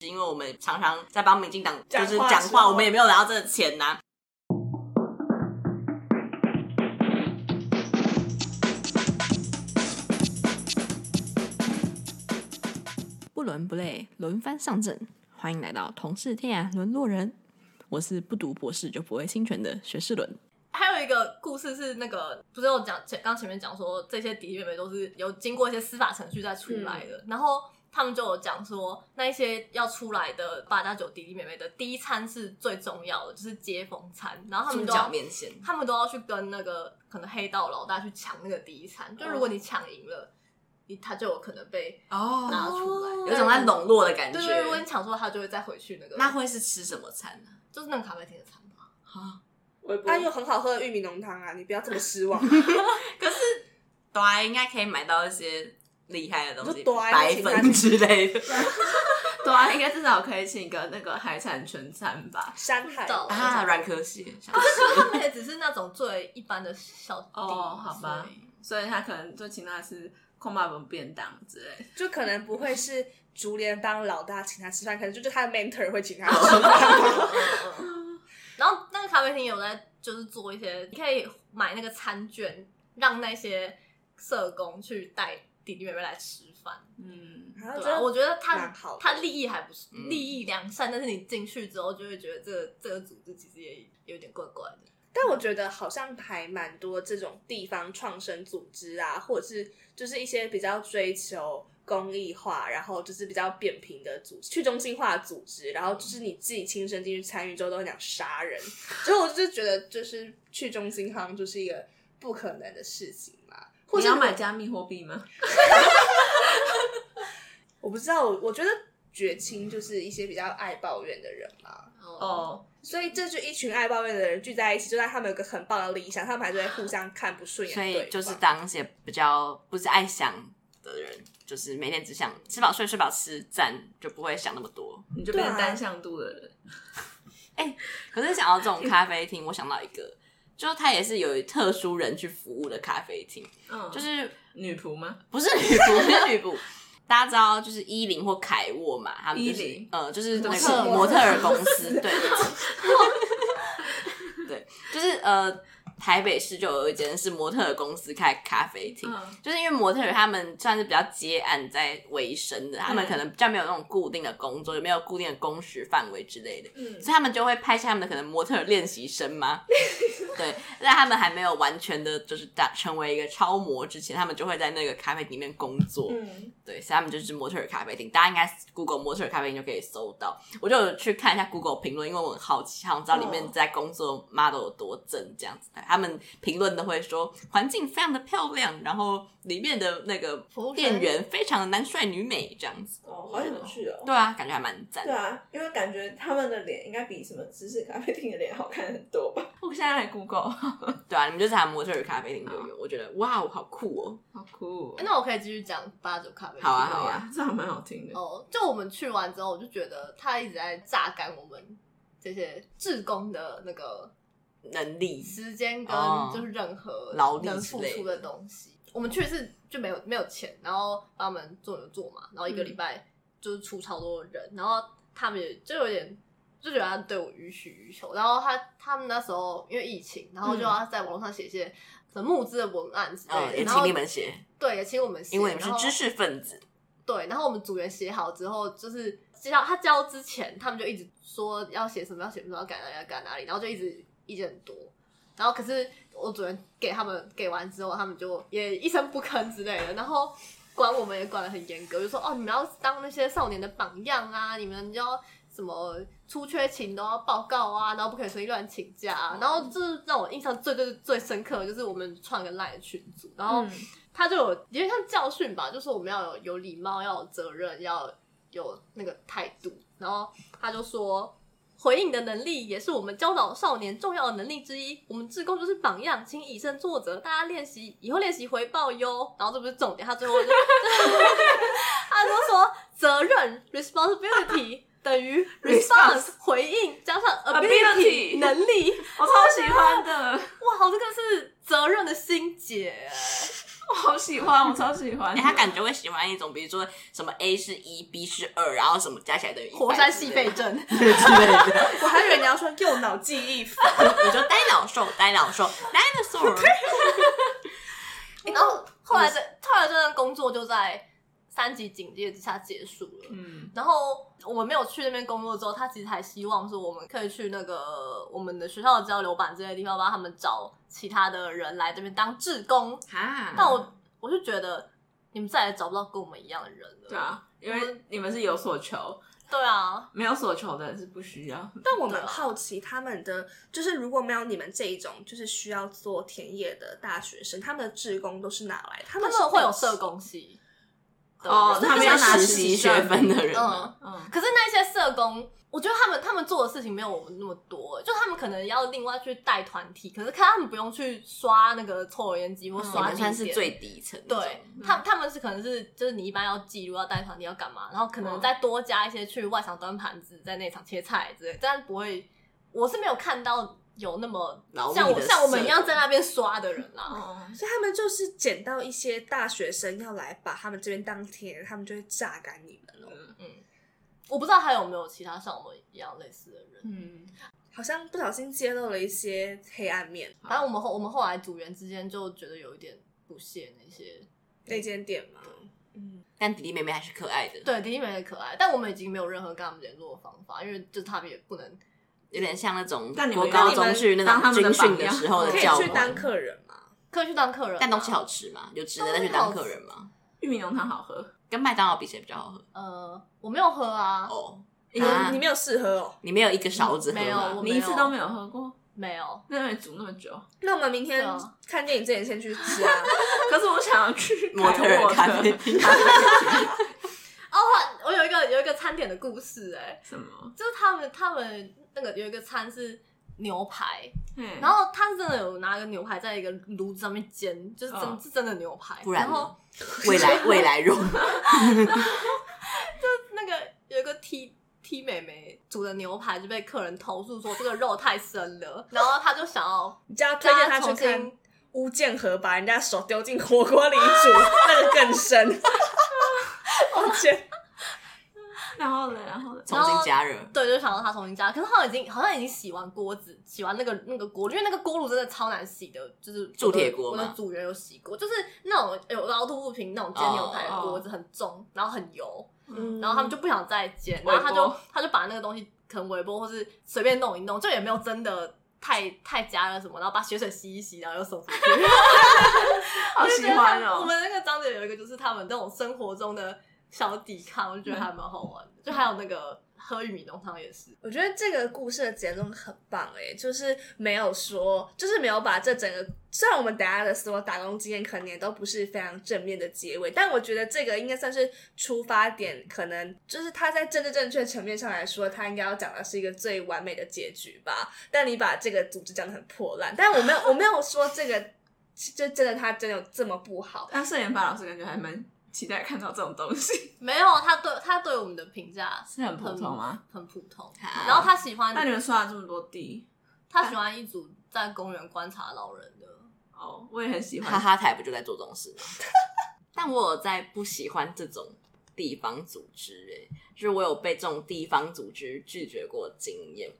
因為我們常常在幫民進黨就是講話，講話我們也沒有拿到這個錢吶、啊。不倫不類，輪番上陣，歡迎來到同是天涯淪落人，我是不讀博士就不會心存的學士倫。還有一個故事是那個，不是我講前剛，剛前面講說，這些敵人們都是有經過一些司法程序再出來的，是然後。他們就有講說，那一些要出來的八大九弟弟妹妹的第一餐是最重要的，就是接風餐。然後他們都要，面前他們都要去跟那個可能黑道老大去搶那個第一餐。就如果你搶贏了，哦、他就有可能被拿出來，哦、有種在籠絡的感覺。嗯、對，如果你搶輸了，他就會再回去那個。那會是吃什麼餐呢、啊？就是那個咖啡廳的餐吧。啊哈，波但有很好喝的玉米濃湯啊，你不要這麼失望、啊。 可是，對， 應該可以買到一些。厲害的東西，白粉之類的，對啊，應該至少可以請一個那個海產全餐吧，山海啊軟殼蟹。他們也只是那種最一般的小店哦，好吧，所以他可能就請他吃空巴粉便當之類，就可能不會是竹聯幫老大請他吃飯，可能就就他的 mentor 會請他吃飯。然後那個咖啡廳有在就是做一些，你可以買那個餐券，讓那些社工去帶。弟弟妹妹來吃飯，嗯，得我、啊、吧覺得他蠻好，他利益還不是利益良善。嗯、但是你進去之後就會覺得這個、這個組織其實也，也有點怪怪的。但我覺得好像還蠻多這種地方創生組織啊，或者是就是一些比較追求公益化，然後就是比較扁平的組織、去中心化組織，然後就是你自己親身進去參與之後，都會想殺人。所以 我就覺得，就是去中心好像就是一個不可能的事情。你要買加密貨幣嗎？我, 我不知道，我覺得覺青就是一些比較愛抱怨的人嘛。哦，oh. 所以這就一群愛抱怨的人聚在一起，就算他們有個很棒的理想，他們還是會互相看不順眼。所以就是當一些比較不是愛想的人，就是每天只想吃飽睡、睡飽吃，這就不會想那麼多，你就變成單向度的人。哎、啊 欸，可是想到這種咖啡廳， 我想到一個。就它也是有一特殊人去服務的咖啡廳，嗯，就是女僕嗎？不是女僕， 是女僕， 大家知道就是伊林或凱沃嘛，他們就是，伊林？呃，就是那個模特兒公司， 對， 對，就是呃。台北市就有一間是模特公司開咖啡廳，嗯、就是因為模特他們算是比較接案在維生的，嗯、他們可能比較沒有那種固定的工作，也沒有固定的工時範圍之類的，嗯、所以他們就會拍下他們的可能模特練習生嗎、嗯、對，在他們還沒有完全的就是當成為一個超模之前，他們就會在那個咖啡廳裡面工作，嗯、對，所以他們就是模特咖啡廳。大家應該 Google 模特咖啡廳就可以搜到。我就有去看一下 Google 評論，因為我很好奇，想知道裡面在工作的 model 有多正這樣子。他們評論都會說，環境非常的漂亮，然後裡面的那個店員非常的男帥女美這樣子哦，好有趣哦！對啊，感覺還蠻讚。對啊，因為感覺他們的臉應該比什麼知識咖啡廳的臉好看很多吧？我現在來 Google， 對啊，你們就是摩登咖啡廳就有。好我覺得哇，好酷哦，好酷，哦欸！那我可以繼續講八九咖啡廳。好啊，好啊，這還蠻好聽的，嗯、哦。就我們去完之後，我就覺得他一直在榨乾我們這些志工的那個。能力、時間跟就是任何勞力付出的東西，我們確實是就沒有沒有錢，然後幫我們做就做嘛，然後一個禮拜就是出超多的人，嗯、然後他們也就有點就覺得他對我予取予求，然後他他們那時候因為疫情，然後就要在網上寫一些什麼募資的文案之類的，嗯、然後也請你們寫，對，也請我們寫，因為你們是知識分子，對，然後我們組員寫好之後，就是教他教之前，他們就一直說要寫什麼要寫什麼，要改哪裡要改哪裡，然後就一直。意見很多，然後可是我主任給他們給完之後，他們就也一聲不吭之類的，然後管我們也管得很嚴格，就說哦，你們要當那些少年的榜樣啊，你們要什麼出缺勤都要報告啊，然後不可以隨意亂請假啊，然後就是讓我印象最最最深刻的就是我們創個 LINE 群組，然後他就有、嗯、因為像教訓吧，就是我們要有有禮貌，要有責任，要有，有那個態度，然後他就說。回應的能力也是我們教導少年重要的能力之一。我們志工就是榜樣，請以身作則，大家練習以後練習回報喲。然後這不是重點，他最後就是、 他就說，說責任 （responsibility） 等於 response, response. 回應加上 ability Ability. 能力， 我超喜歡的。哇，這個是責任的心結。我好喜歡，我超喜歡。他、 欸、感覺會喜歡一種，比如說什麼 A 是一，B 是二，然後什麼加起來等於火山矽肺症 我還以為你要說右腦記憶法， 我說呆腦獸，呆腦獸 ，dinosaur、 欸。然後後來的， 後來這段工作就在三級警戒之下結束了，嗯，然後我們沒有去那邊工作之後，他其實還希望說我們可以去那個我們的學校的交流板這些地方，幫他們找其他的人來這邊當志工啊。哈但我我就覺得你們再也找不到跟我們一樣的人了，對啊，因為你們是有所求，們對啊，沒有所求的人是不需要。但我們好奇他們的，就是如果沒有你們這一種，就是需要做田野的大學生，他們的志工都是哪來的？他們，他們會有社工系。嗯對哦，那他們要拿實習學分的人嗯，嗯嗯，可是那些社工，我覺得他們他們做的事情沒有我們那麼多，就他們可能要另外去帶團體，可是看他們不用去刷那個抽油煙機或刷。算、嗯嗯、是最底層。對他，他們是可能是就是你一般要記錄要帶團體要幹嘛，然後可能再多加一些去外場端盤子，在內場切菜之類，但不會，我是沒有看到。有那麼像我像我們一樣在那邊刷的人啦、啊哦，所以他們就是撿到一些大學生要來把他們這邊當天，他們就會榨乾你們了。嗯，嗯，我不知道還有沒有其他像我們一樣類似的人。嗯，好像不小心揭露了一些黑暗面。反正我們後我們後來組員之間就覺得有一點不屑那些那間店嘛。嗯，嗯，但弟弟妹妹還是可愛的。對，弟弟妹妹可愛，但我們已經沒有任何跟他們聯絡的方法，因為就他們也不能。有點像那種我高中去那種軍訓的時候的教官。可以去當客人嘛？可以去當客人，但東西好吃嘛？有吃的再去當客人嘛？玉米濃湯好喝，跟麥當勞比，誰比較好喝？呃，我沒有喝啊。哦，你你沒有試喝哦？你沒有一個勺子沒有，我你一次都沒有喝過，沒有。那邊煮那麼久，那我們明天看電影，之前先去吃啊。可是我想要去，摩托摩人看電哦，我有一個有一個餐點的故事，哎，什麼？就是他們他們。那個有一個餐是牛排，嗯、然後他是真的有拿個牛排在一個爐子上面煎，嗯、就是真的、嗯、是真的牛排。不然，然後 未來未來肉， 就那個有一個 T T 妹，妹煮的牛排就被客人投訴說這個肉太生了，然後他就想要他，你叫推薦他去看烏建和把人家手丟進火鍋裡煮，啊、那個更深。我去。然後呢？然後呢，然後重新加熱。對，就想讓他重新加熱。可是他已經好像已經洗完鍋子，洗完那個那個鍋，因為那個鍋爐真的超難洗的，就是有有鑄鐵鍋。我的組員有洗鍋，就是那種有凹凸不平那種煎牛排的鍋子，很重，哦、然後很油，嗯、然後他們就不想再煎，然後他就波他就把那個東西可能微波，或是隨便弄一弄，就也沒有真的太太加了什麼，然後把血水洗一洗，然後又送出去。 好喜歡哦！我們那個張姐有一個，就是他們那種生活中的。小抵抗，我覺得還蠻好玩的 就還有那個喝玉米濃湯也是。我覺得這個故事的結論很棒哎、欸，就是沒有說，就是沒有把這整個，雖然我們等下的所有打工經驗可能也都不是非常正面的結尾，但我覺得這個應該算是出發點，可能就是他在政治正確層面上來說，他應該要講的是一個最完美的結局吧。但你把這個組織講得很破爛，但我沒有，我沒有說這個，就真的他真的有這麼不好。 但攝影發老師感覺還蠻。 期待看到這種東西。沒有，他對他對我們的評價很是很普通嗎？很普通。好然後他喜歡……那你們刷了這麼多地，他喜歡一組在公園觀察老人的。哦，我也很喜歡。哈哈，台不就在做這種事嗎？ 但我有在不喜歡這種地方組織、欸，哎，就是我有被這種地方組織拒絕過經驗。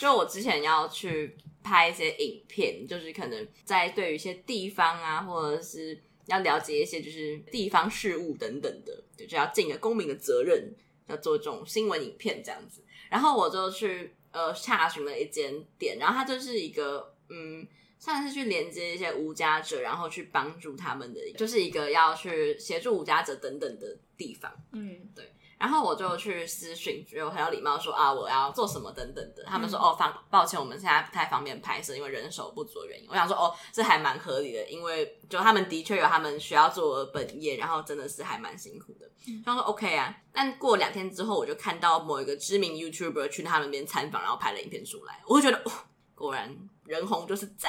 就我之前要去拍一些影片，就是可能在對於一些地方啊，或者是。要了解一些就是地方事務等等的，就就是，要盡一個公民的責任，要做這種新聞影片這樣子。然後我就去呃查詢了一間店，然後它就是一個嗯，算是去連接一些無家者，然後去幫助他們的，就是一個要去協助無家者等等的地方。嗯，對。然後我就去私訊覺得我很有禮貌說啊，我要做什麼等等的。他們說、嗯、哦，抱歉，我們現在不太方便拍攝，因為人手不足的原因。我想說哦，這還蠻合理的，因為就他們的確有他們需要做的本業，然後真的是還蠻辛苦的。他們、嗯、說 OK 啊，但過兩天之後，我就看到某一個知名 YouTuber 去他們那邊參訪，然後拍了影片出來，我就覺得、哦、果然人紅就是讚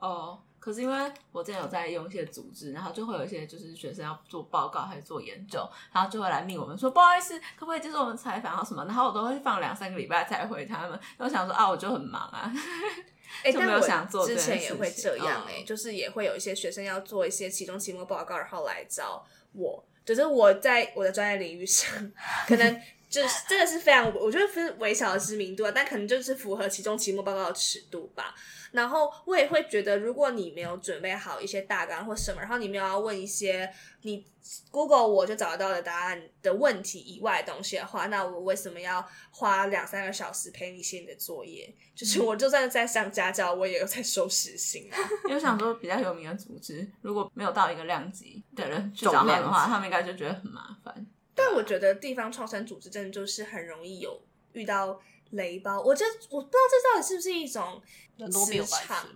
哦。可是因為我之前有在用一些組織，然後就會有一些就是學生要做報告還是做研究，然後就會來命我們說不好意思，可不可以接受我們採訪啊什麼？然後我都會放兩三個禮拜才回他們。然後我想說啊，我就很忙啊， 就沒有想做事情。之前也會這樣哎、欸，哦、就是也會有一些學生要做一些期中期末報告，然後來找我，只、就是我在我的專業領域上可能。 就是這個是非常，我覺得非常微小的知名度，啊，但可能就是符合其中期末報告的尺度吧。然後我也會覺得，如果你沒有準備好一些大綱或什麼，然後你沒有要問一些你 Google 我就找得到的答案的問題以外的東西的話，那我為什麼要花兩三個小時陪你寫你的作業？就是我就算在上家教，我也有在收時薪啊。因為我想說比較有名的組織，如果沒有到一個量級的人去找你的話，他們應該就覺得很麻煩。但我覺得地方創生組織真的就是很容易有遇到雷包，我就，我不知道這到底是不是一種磁場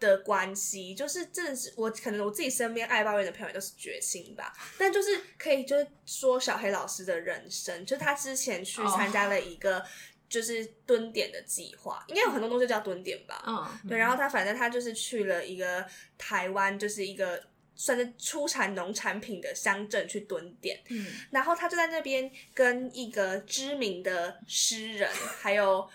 的關係，就是真的是我可能我自己身邊愛抱怨的朋友都是決心吧，但就是可以就是說小黑老師的人生，就是他之前去參加了一個就是蹲點的計劃，應該有很多東西叫蹲點吧，嗯，對，然後他反正他就是去了一個台灣，就是一個。算是出產農產品的鄉鎮去蹲點，嗯。然後他就在那邊跟一個知名的詩人，還有，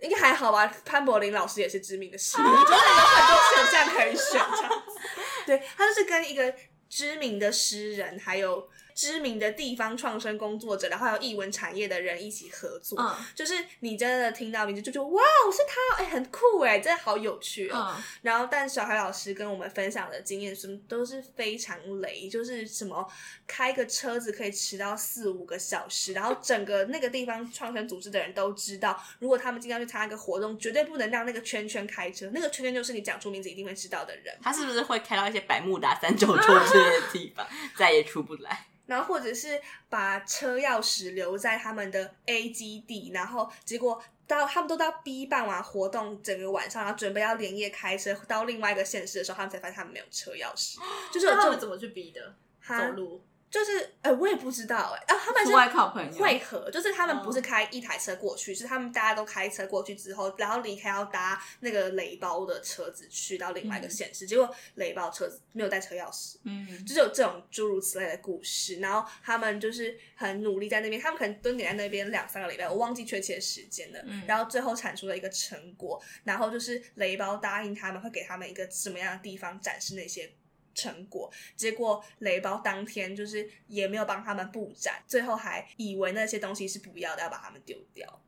應該還好吧，潘柏林老師也是知名的詩人，我覺得有很多選項可以選這樣。 對，他就是跟一個知名的詩人，還有。知名的地方創生工作者，然後還有藝文產業的人一起合作，嗯、就是你真的聽到名字就覺得哇，是他哎，很酷哎，真的好有趣哦。嗯、然後，但小孩老師跟我們分享的經驗是，什麼都是非常雷，就是什麼開個車子可以遲到四五個小時，然後整個那個地方創生組織的人都知道，如果他們經常去參加一個活動，絕對不能讓那個圈圈開車，那個圈圈就是你講出名字一定會知道的人，他是不是會開到一些百慕達、三角洲這些地方，嗯、再也出不來？然後，或者是把車鑰匙留在他們的 A 基地，然後結果到他們都到 B 辦完活動，整個晚上，然後準備要連夜開車到另外一個縣市的時候，他們才發現他們沒有車鑰匙，就是他們、啊、怎麼去 B 的？哈走路。就是，哎、呃，我也不知道、欸，哎，啊，他們是會合，出外靠朋友，就是他們不是開一台車過去，哦、是他們大家都開車過去之後，然後離開要搭那個雷包的車子去到另外一個縣市、嗯、結果雷包車子沒有帶車鑰匙，嗯，嗯，就是有這種諸如此類的故事，然後他們就是很努力在那邊，他們可能蹲點在那邊兩三個禮拜，我忘記確切時間了，嗯，然後最後產出了一個成果，然後就是雷包答應他們會給他們一個什麼樣的地方展示那些故事。成果，結果雷包當天就是也沒有幫他們布展，最後還以為那些東西是不要的，要把他們丟掉，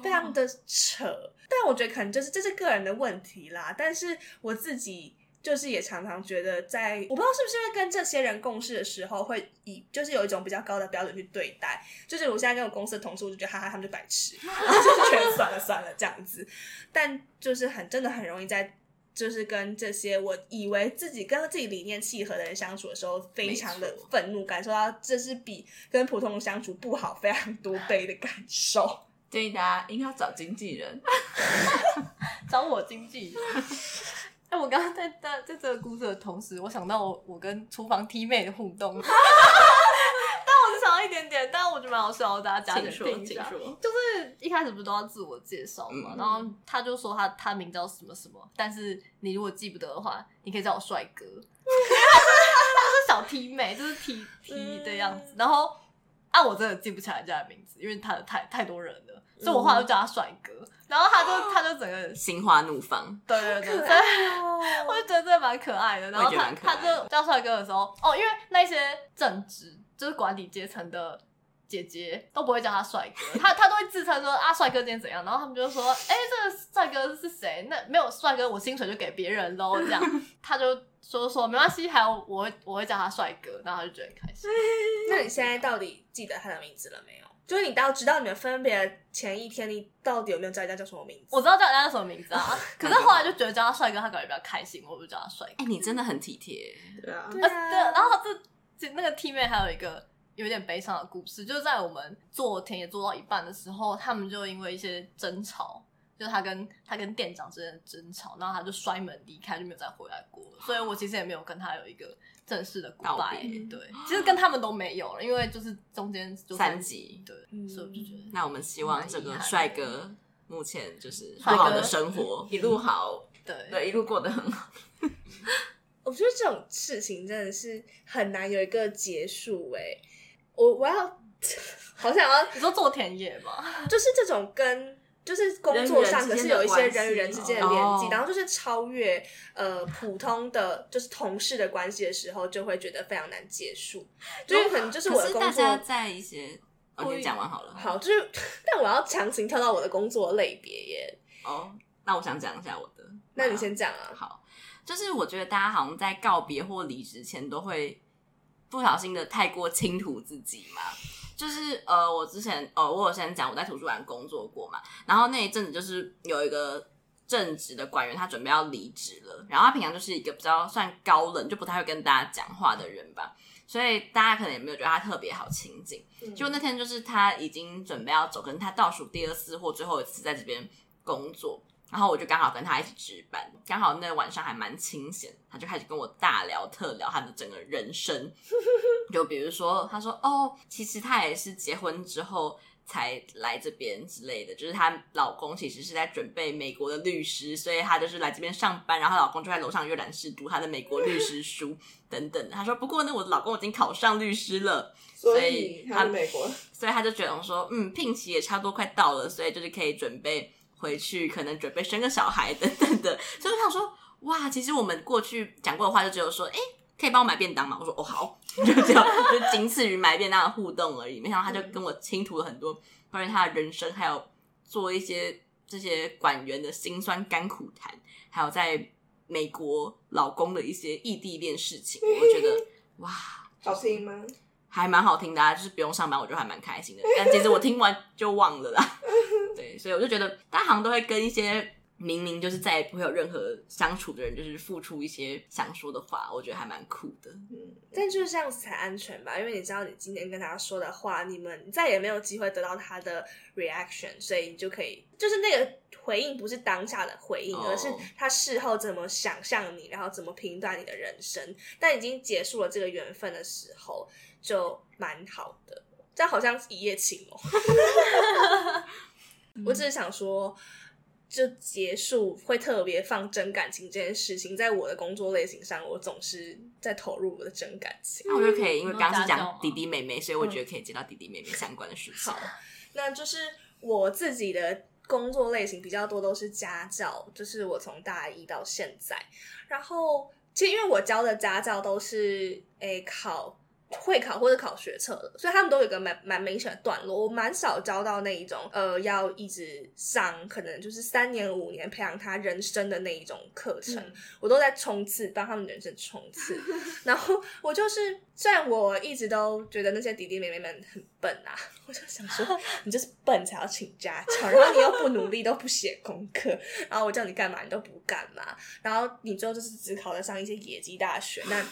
非常的扯。但我覺得可能就是這是個人的問題啦。但是我自己就是也常常覺得在，在我不知道是不是因為跟這些人共事的時候，會以就是有一種比較高的標準去對待。就是我現在跟我公司的同事，我就覺得哈哈，他們就白痴，然後就是全算了算了這樣子。但就是很真的很容易在。就是跟這些我以為自己跟自己理念契合的人相處的時候，非常的憤怒，感受到錯這是比跟普通人相處不好非常多倍的感受。嗯、對，大家、啊、應該要找經紀人，找， 找我經紀人。哎， 我剛剛在在在這個故事的同時，我想到我我跟廚房 T 妹的互動。但我只想到一點點，但我覺得蠻好笑，我大家講一聽說一下。說就是。一開始不是都要自我介紹嘛？嗯、然後他就說他他名叫什麼什麼，但是你如果記不得的話，你可以叫我帥哥。嗯、 他是小 T 妹，就是 T T 的樣子。嗯、然後，按、啊、我真的記不起來他的名字，因為他的太太多人了。嗯、所以我後來就叫他帥哥。然後他就他就整個心花怒放，對對對對，哦、 我就覺得這蠻可愛的。然後他他就叫帥哥的時候，哦，因為那些正職就是管理階層的。姐姐都不會叫他帥哥，他他都會自稱說 啊帥哥今天怎樣，然後他們就說哎、欸、這個帥哥是誰？那沒有帥哥，我薪水就給別人嘍。這樣他就說說沒關係，還有我會我會叫他帥哥，然後他就覺得很開心。嗯、然後那你現在到底記得他的名字了沒有？ 就是你到知道你們分別前一天，你到底有沒有叫人家叫什麼名字？我知道叫人家什麼名字啊， 可是後來就覺得叫他帥哥，他感覺比較開心，我就叫他帥哥、欸。你真的很體貼。對啊。對，然後這那個 teammate 還有一個。有點悲傷的故事，就是在我們做田野做到一半的時候，他們就因為一些爭吵，就他跟他跟店長之間的爭吵，然後他就摔門離開，就沒有再回來過。所以我其實也沒有跟他有一個正式的告別、欸嗯、對，其實跟他們都沒有了，因為就是中間、就是、三集，對，嗯、所以我就覺得，那我們希望這個帥哥目前就是帥哥的生活，帥哥 一路好，對對，一路過得很好。我覺得這種事情真的是很難有一個結束、欸，哎。我我要好像我要你說做田野嘛，就是這種跟就是工作上，可是有一些人與人之間的聯繫，oh. 然後就是超越呃普通的，就是同事的關係的時候，就會覺得非常難結束。So, 就是可能就是我的工作是大家在一些我講語、哦、你講完好了，好，就是但我要強行跳到我的工作的類別耶。哦，oh, 那我想講一下我的，那你先講啊。好，就是我覺得大家好像在告別或離職前都會不小心的太過傾吐自己嘛，就是呃，我之前呃，我有先講我在圖書館工作過嘛，然後那一陣子就是有一個正職的館員，他準備要離職了，然後他平常就是一個比較算高冷，就不太會跟大家講話的人吧，所以大家可能也沒有覺得他特別好親近。就、嗯、那天就是他已經準備要走，可能他倒數第二次或最後一次在這邊工作。然後我就剛好跟他一起值班，剛好那晚上還蠻清閒，他就開始跟我大聊特聊他的整個人生，就比如說，他說哦，其實他也是結婚之後才來這邊之類的，就是他老公其實是在準備美國的律師，所以他就是來這邊上班，然後老公就在樓上閱覽室讀他的美國律師書等等。他說，不過呢，我的老公已經考上律師了，所以，所以他，他美國所以他就覺得說，嗯，聘期也差不多快到了，所以就是可以準備。回去可能準備生個小孩等等的，所以我想說哇，其實我們過去講過的話，就只有說，哎、欸，可以幫我買便當嗎？我說哦好，就這樣，就僅次於買便當的互動而已。沒想到他就跟我傾吐了很多關於他的人生，還有做一些這些管員的辛酸甘苦談，還有在美國老公的一些異地戀事情。我覺得哇，好聽嗎？還蠻好聽的，啊，就是不用上班，我就還蠻開心的。但其實我聽完就忘了啦。所以我就覺得，大家好像都會跟一些明明就是再也不會有任何相處的人，就是付出一些想說的話，我覺得還蠻酷的。嗯，但就是這樣子才安全吧，因為你知道，你今天跟他說的話，你們再也沒有機會得到他的 reaction，所以你就可以，就是那個回應不是當下的回應，而是他事後怎麼想象你，然後怎麼評斷你的人生。但已經結束了這個緣分的時候，就蠻好的。這樣好像一夜情哦。 我只是想說，就結束會特別放真感情這件事情，在我的工作類型上，我總是在投入我的真感情。那、嗯啊、我就可以，因為剛剛是講弟弟妹妹，所以我覺得可以接到弟弟妹妹相關的事情。嗯、好，那就是我自己的工作類型比較多，都是家教，就是我從大一到現在。然後其實因為我教的家教都是誒考，欸會考或者考學測了，所以他們都有個蠻蠻明顯的段落。我蠻少教到那一種呃，要一直上可能就是三年五年培養他人生的那一種課程，嗯，我都在衝刺，幫他們人生衝刺。然後我就是雖然我一直都覺得那些弟弟妹妹們很笨啊，我就想說，你就是笨才要請家教，然後你又不努力，都不寫功課，然後我叫你幹嘛你都不幹嘛，然後你最後就是只考得上一些野雞大學。那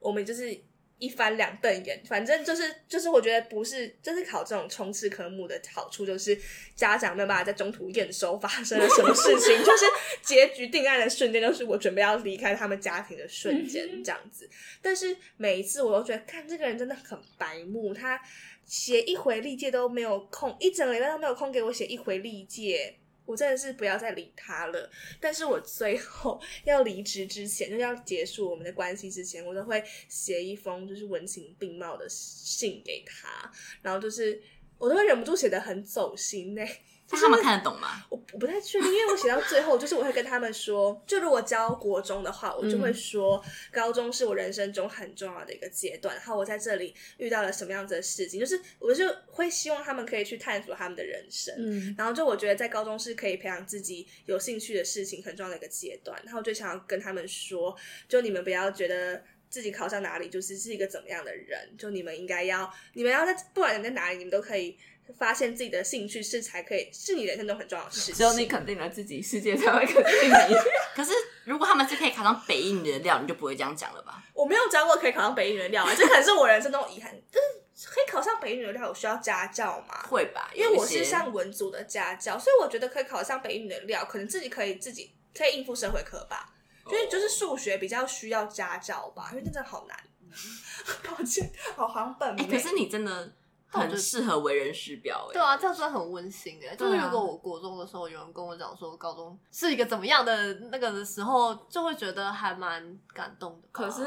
我們就是。一翻兩瞪眼，反正就是就是，我覺得不是，就是考這種衝刺科目的好處就是，家長沒有辦法在中途驗收發生了什麼事情， 就是結局定案的瞬間，就是我準備要離開他們家庭的瞬間，這樣子。嗯、哼但是每一次我都覺得，看這個人真的很白目，他寫一回歷屆都沒有空，一整個禮拜都沒有空給我寫一回歷屆。我真的是不要再理他了，但是我最後要離職之前，就是、要結束我們的關係之前，我都會寫一封就是文情並茂的信給他，然後就是我都會忍不住寫得很走心呢、欸。他們看得懂嗎？就是、我不太確定，因為我寫到最後， 就是我會跟他們說，就如果教國中的話，我就會說，高中是我人生中很重要的一個階段，然後我在這裡遇到了什麼樣子的事情，就是我就會希望他們可以去探索他們的人生， 然後就我覺得在高中是可以培養自己有興趣的事情很重要的一個階段，然後我就想要跟他們說，就你們不要覺得自己考上哪裡就是是一個怎麼樣的人，就你們應該要，你們要在，不管你在哪裡，你們都可以。發現自己的興趣是才可以，是你的人生中很重要的事。只有你肯定了自己，世界才會肯定你。 可是，如果他們是可以考上北一女的料，你就不會這樣講了吧？我沒有教過可以考上北一女的料啊，這可能是我人生中遺憾。但是，可以考上北一女的料，我需要家教嗎？會吧，因為我是上文組的家教，所以我覺得可以考上北一女的料，可能自己可以自己可以應付社會科吧。所以、哦、就是數學比較需要家教吧，因為真的好難。嗯、抱歉，好行本、欸。可是你真的。很適合為人師表哎、欸，對啊，這樣真的很溫馨哎、欸。是就是如果我國中的時候有人跟我講說，高中是一個怎麼樣的那個的時候，就會覺得還蠻感動的。可是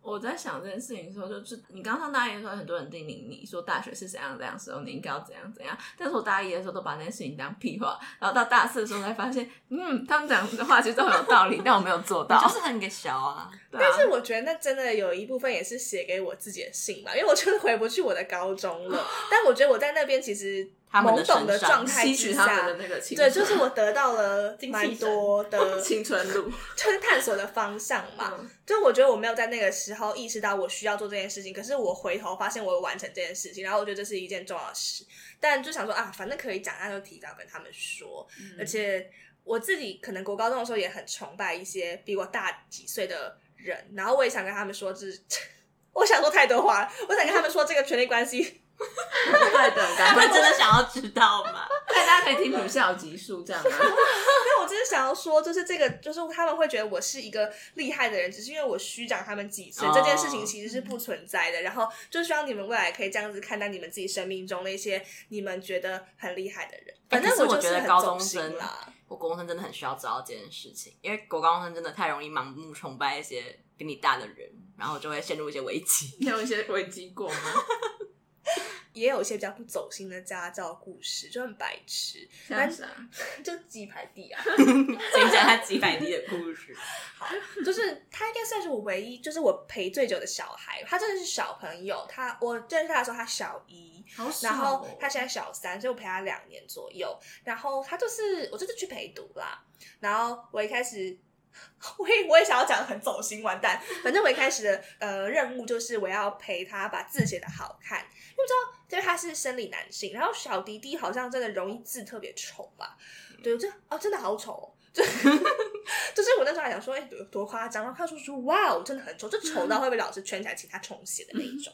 我在想這件事情的時候，就是你剛上大一的時候，很多人叮嚀你，你說大學是怎樣怎樣的時候，你應該要怎樣怎樣。但是我大一的時候都把那件事情當屁話，然後到大四的時候才發現， 嗯，他們講的話其實都很有道理， 但我沒有做到，就是很給小啊。但是我覺得那真的有一部分也是寫給我自己的信吧，因為我真的回不去我的高中了。但我覺得我在那邊其實懵懂的狀態下，對，就是我得到了蠻多的，的青春路，就是探索的方向嘛。嗯、就我覺得我沒有在那個時候意識到我需要做這件事情，可是我回頭發現我完成這件事情，然後我覺得這是一件重要的事。但就想說啊，反正可以講，那就提早跟他們說。嗯、而且我自己可能國高中的時候也很崇拜一些比我大幾歲的人，然後我也想跟他們說，就是我想說太多話了，我想跟他們說這個權力關係。對，他們真的想要知道嗎？ 大家可以聽母校集數這樣子。沒 我真的想要說，就是這個，就是他們會覺得我是一個厲害的人，只是因為我虛長他們幾歲，oh. 這件事情其實是不存在的。然後，就希望你們未來可以這樣子看待你們自己生命中那些你們覺得很厲害的人。反正我就是很忠心、欸、可是我覺得高中生啦。我國高中生真的很需要知道這件事情，因為國高中生真的太容易盲目崇拜一些比你大的人，然後就會陷入一些危機， 你有一些危機過嗎？ 也有一些比較不走心的家教故事，就很白痴。講啥、啊？就雞排弟啊！先講 他雞排弟的故事。 好，就是他應該算是我唯一，就是我陪最久的小孩。他真的是小朋友，他我認識他的時候他小一，小欸、然後他現在小三，所以我陪他兩年左右。然後他就是我就是去陪讀啦。然後我一開始。我也我也想要講得很走心，完蛋。反正我一開始的呃任務就是我要陪他把字寫得好看，因為知道因為他是生理男性，然後小弟弟好像真的容易字特別醜吧？對，我得哦真的好醜，哦，就， 就是我那時候還想說哎有、欸、多誇張，然後他說說哇哦真的很醜，就醜到會被老師圈起來請他重寫的那一種。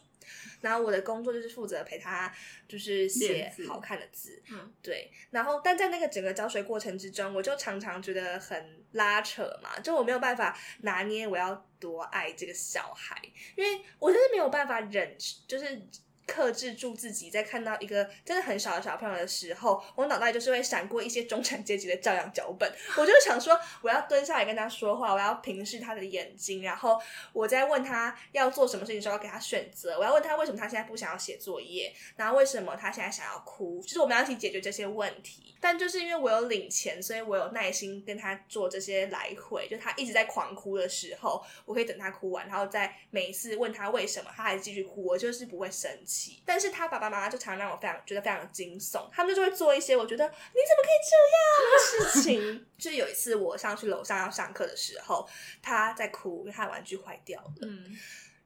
然後我的工作就是負責陪他，就是寫好看的字。嗯，練字，對。然後，但在那個整個教學過程之中，我就常常覺得很拉扯嘛，就我沒有辦法拿捏我要多愛這個小孩，因為我就是沒有辦法忍，就是。克制住自己。在看到一個真的很小的小朋友的時候，我腦袋就是會閃過一些中產階級的教養腳本。我就是想說，我要蹲下來跟他說話，我要平視他的眼睛，然後我在問他要做什麼事情時候，要給他選擇。我要問他為什麼他現在不想要寫作業，然後為什麼他現在想要哭，就是我們要一起解決這些問題。但就是因為我有領錢，所以我有耐心跟他做這些來回。就他一直在狂哭的時候，我可以等他哭完，然後再每一次問他為什麼，他還繼續哭，我就是不會生氣。但是他爸爸媽媽就常常讓我非常覺得非常驚悚，他們就會做一些我覺得你怎麼可以這樣的事情。 就是有一次我上去樓上要上課的時候，他在哭，因為他的玩具壞掉了。嗯，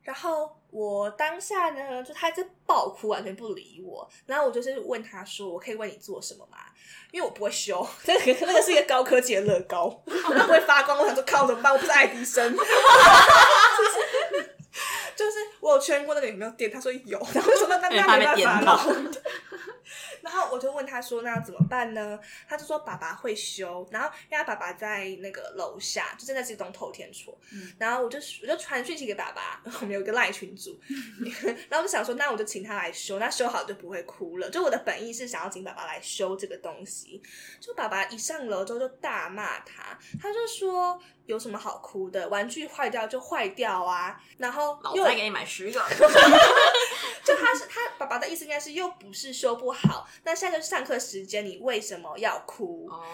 然後我當下呢，就他一直暴哭，完全不理我。然後我就是問他說：“我可以為你做什麼嗎？”因為我不會修，那個 那個是一個高科技的樂高，它不 會發光。我想說， 靠怎麼辦？我不是愛迪生。 就是我有圈過那個有沒有店，他說有，然後就說那那沒辦法了。然後我就問他說：“那要怎麼辦呢？”他就說：“爸爸會修。”然後讓他爸爸在那個樓下，就正在這棟透天厝。嗯、然後我就我就傳訊息給爸爸，我們有一個賴群組。然後我就想說：“那我就請他來修，那修好就不會哭了。”就我的本意是想要請爸爸來修這個東西。就爸爸一上樓之後就大罵他，他就說：“有什麼好哭的？玩具壞掉就壞掉啊！”然後又來老給你買十個。 就他是他爸爸的意思，應該是又不是說不好。那現在就是上課時間，你為什麼要哭？哦，oh.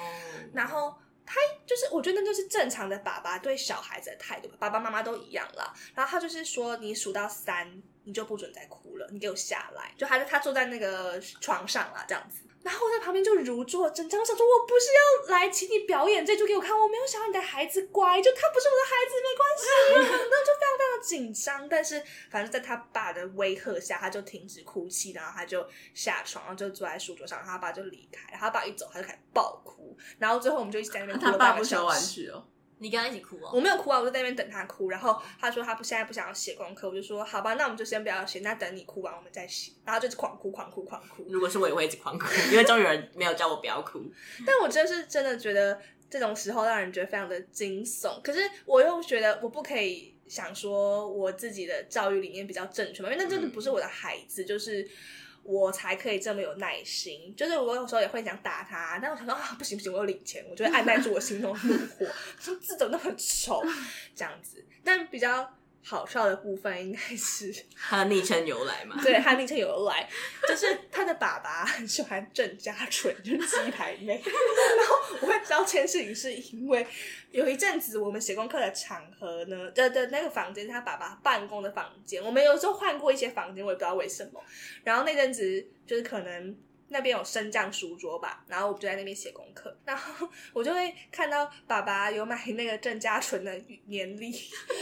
然後他就是，我覺得那就是正常的爸爸對小孩子的態度，爸爸媽媽都一樣啦。然後他就是說，你數到三，你就不准再哭了。你給我下來。就是他，他坐在那個床上啦，這樣子。然後我在旁邊就如坐針氈，我想說，我不是要來請你表演這出給我看，我沒有想要你的孩子乖，就他不是我的孩子沒關係， 然後就非常非常緊張。但是，反正在他爸的威嚇下，他就停止哭泣，然後他就下床，然後就坐在書桌上，然後他爸就離開，然後他爸一走，他就開始暴哭，然後最後我們就一起在那邊哭了半個小時。啊、他爸不想玩去哦。你跟他一起哭、哦，我沒有哭啊，我就在那邊等他哭。然後他說他不現在不想要寫功課，我就說好吧，那我們就先不要寫，那等你哭完我們再寫。然後就狂哭狂哭狂哭。狂哭狂哭，如果是我也會一直狂哭，因為終於有人沒有叫我不要哭。 但我真是真的覺得這種時候讓人覺得非常的驚悚。可是我又覺得我不可以想說我自己的教育理念比較正確嘛，因為那真的不是我的孩子，就是。我才可以這麼有耐心，就是我有時候也會想打他，但我想說啊，不行不行，我要領錢，我就會按捺住我心中的怒火，說，字 怎麼那麼醜，這樣子，但比較。好笑的部分應該是他的昵稱由來嘛？對，他昵稱由來 就是他的爸爸很喜歡鄭家純，就是雞排妹。 然後我會知道這件事情是因為有一陣子我們寫功課的場合呢，的的那個房間是他爸爸辦公的房間，我們有時候換過一些房間，我也不知道為什麼。然後那陣子就是可能。那邊有升降書桌吧，然後我就在那邊寫功課，然後我就會看到爸爸有買那個鄭家純的年曆，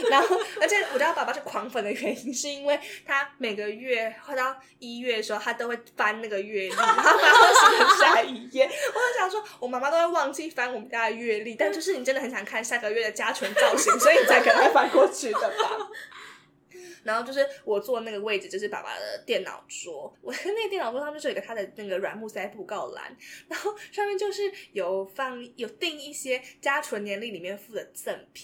然後而且我知道爸爸是狂粉的原因，是因為他每個月快到一月的時候，他都會翻那個月曆，他翻到什麼下一頁， 我就想說，我媽媽都會忘記翻我們家的月曆，但就是你真的很想看下個月的家純造型，所以你才給他翻過去的吧。然後就是我坐的那個位置，就是爸爸的電腦桌。我的那個電腦桌上就是有個他的那個軟木塞布告欄，然後上面就是有放有訂一些家存年曆裡面附的贈品，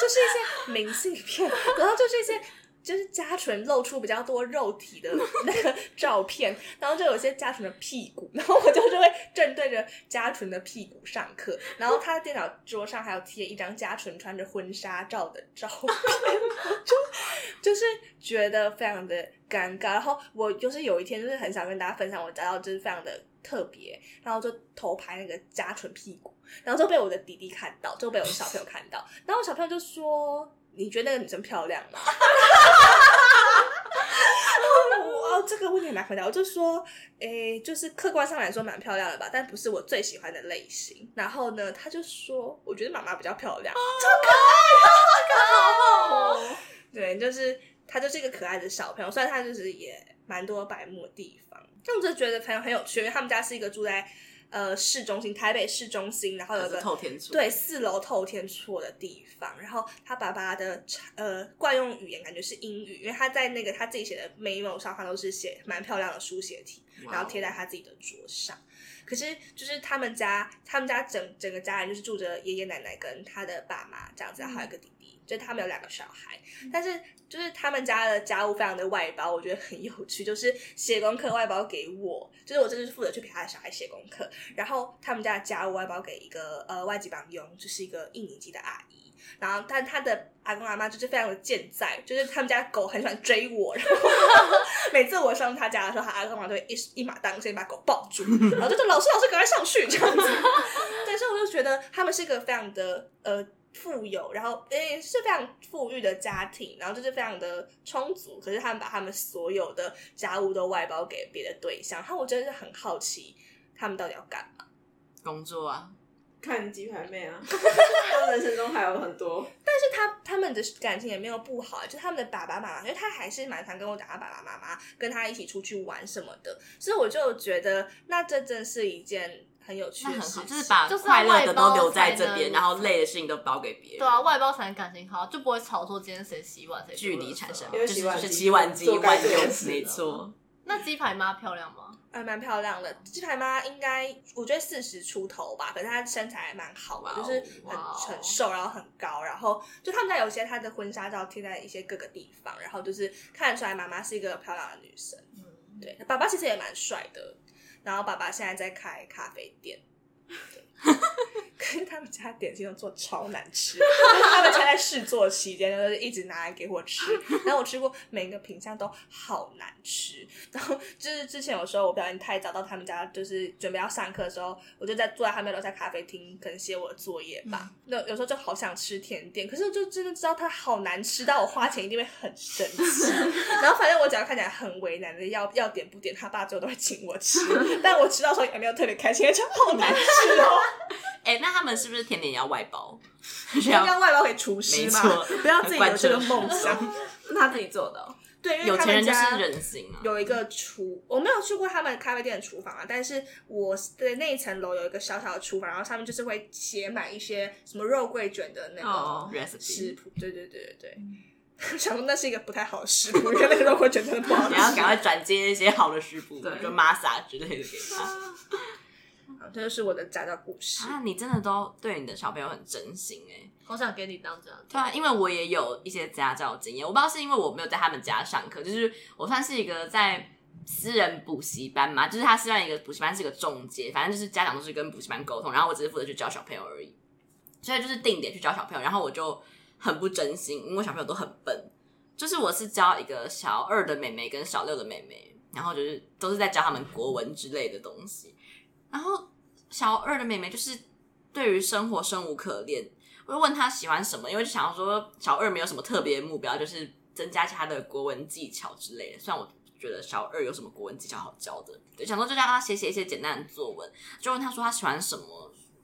就是一些明信片，然後就是一些。就是家純露出比較多肉體的那個照片， 然後就有一些家純的屁股，然後我就是會正對着家純的屁股上課，然後他的電腦桌上還有貼一張家純穿着婚紗照的照片， 就就是覺得非常的尷尬。然後我就是有一天就是很想跟大家分享我找到就是非常的特別，然後就偷拍那個家純屁股，然後就被我的弟弟看到，就被我的小朋友看到，然後小朋友就說。你覺得那個女生漂亮嗎？我 哦哇，這個問題蠻好聊。我就說，誒、欸，就是客觀上來說蠻漂亮的吧，但不是我最喜歡的類型。然後呢，他就說，我覺得媽媽比較漂亮，超可愛的，這麼、哦、可愛，可愛哦、對，就是他就是一個可愛的小朋友。雖然他就是也蠻多白目的地方，但我就覺得朋友很有趣，因為他們家是一個住在。呃，市中心，台北市中心，然後有個透天厝對，四樓透天厝的地方。然後他爸爸的呃慣用語言感覺是英語，因為他在那個他自己寫的 memo 上，他都是寫蠻漂亮的書寫體，然後貼在他自己的桌上。哦，可是就是他們家，他們家整整個家人就是住着爺爺奶奶跟他的爸媽這樣子，還有一個弟弟。就他們有兩個小孩，但是就是他們家的家務非常的外包，我覺得很有趣。就是寫功課外包給我，就是我真的是負責去給他的小孩寫功課。然後他們家的家務外包給一個呃外籍幫傭，就是一個印尼籍的阿姨。然後但他的阿公阿媽就是非常的健在，就是他們家的狗很喜歡追我。然後每次我上他家的時候，他阿公阿媽都會一一馬當先把狗抱住，然後就說：“老師，老師，趕快上去。”這樣子。但是我就覺得他們是一個非常的呃。富有，然後誒、欸、是非常富裕的家庭，然後就是非常的充足。可是他們把他們所有的家務都外包給別的對象，然後我真的是很好奇，他們到底要幹嘛？工作啊，看雞排妹啊。 他們人生中還有很多，但是他他們的感情也沒有不好，就他們的爸爸媽媽，因為，他還是蠻常跟我講他爸爸媽媽跟他一起出去玩什麼的，所以我就覺得，那這真是一件。很有趣，很好，是就是把快樂的都留在這邊，然後累的事情都包給別人。對啊，外包才能感情好，就不會炒作今天誰洗碗誰。距離產生就是洗碗機，關係沒錯。那雞排媽漂亮嗎？哎、嗯，蠻漂亮的。雞排媽應該我覺得四十出頭吧，反正她身材還蠻好嘛。就是很 Wow. 很瘦，然後很高，然後就他們家有些她的婚紗照貼在一些各個地方，然後就是看得出來媽媽是一個漂亮的女生。嗯，對，爸爸其實也蠻帥的。然後爸爸現在在開咖啡店，對。 可是他們家點心都做超難吃， 他們才在試做期間就是一直拿來給我吃，然後我吃過每一個品相都好難吃。然後就是之前有時候我表現太早到他們家，就是準備要上課的時候，我就在坐在他們樓下咖啡廳，可能寫我的作業吧。嗯、那有時候就好想吃甜點，可是我就真的知道它好難吃，但我花錢一定會很生氣。然後反正我只要看起來很為難的要要點不點，他爸最後都會請我吃， 但我吃到時候也沒有特別開心，而且好難吃哦。 哎、欸，那他們是不是甜點要外包？是要外包給廚師嘛？不要自己有這個夢想，是 他自己做的哦。對，因為有錢人就是任性。有一個廚，嗯、我沒有去過他們咖啡店的廚房啊，但是我的那一層樓有一個小小的廚房，然後上面就是會寫滿一些什麼肉桂卷的那個食譜。對、oh. 對對對對，我、嗯、 想說那是一個不太好的食譜，因為那個肉桂卷真的不好吃。你要趕快轉接一些好的食譜，對就 masa 之類的給他。 好，這就是我的家教故事啊！你真的都對你的小朋友很真心哎、欸，好想給你當這樣，對啊，因為我也有一些家教經驗。我不知道是因為我沒有在他們家上課，就是我算是一個在私人補習班嘛，就是他私人一個補習班是一個中介，反正就是家長都是跟補習班溝通，然後我只是負責去教小朋友而已。所以就是定點去教小朋友，然後我就很不真心，因為小朋友都很笨。就是我是教一個小二的妹妹跟小六的妹妹，然後就是都是在教他們國文之類的東西。然後小二的妹妹就是對於生活生無可戀，我就問她喜歡什麼，因為就想說小二沒有什麼特別目標，就是增加其他的國文技巧之類的。雖然我覺得小二有什麼國文技巧好教的，對，想說就叫她寫寫一些簡單的作文。就問她說她喜歡什麼，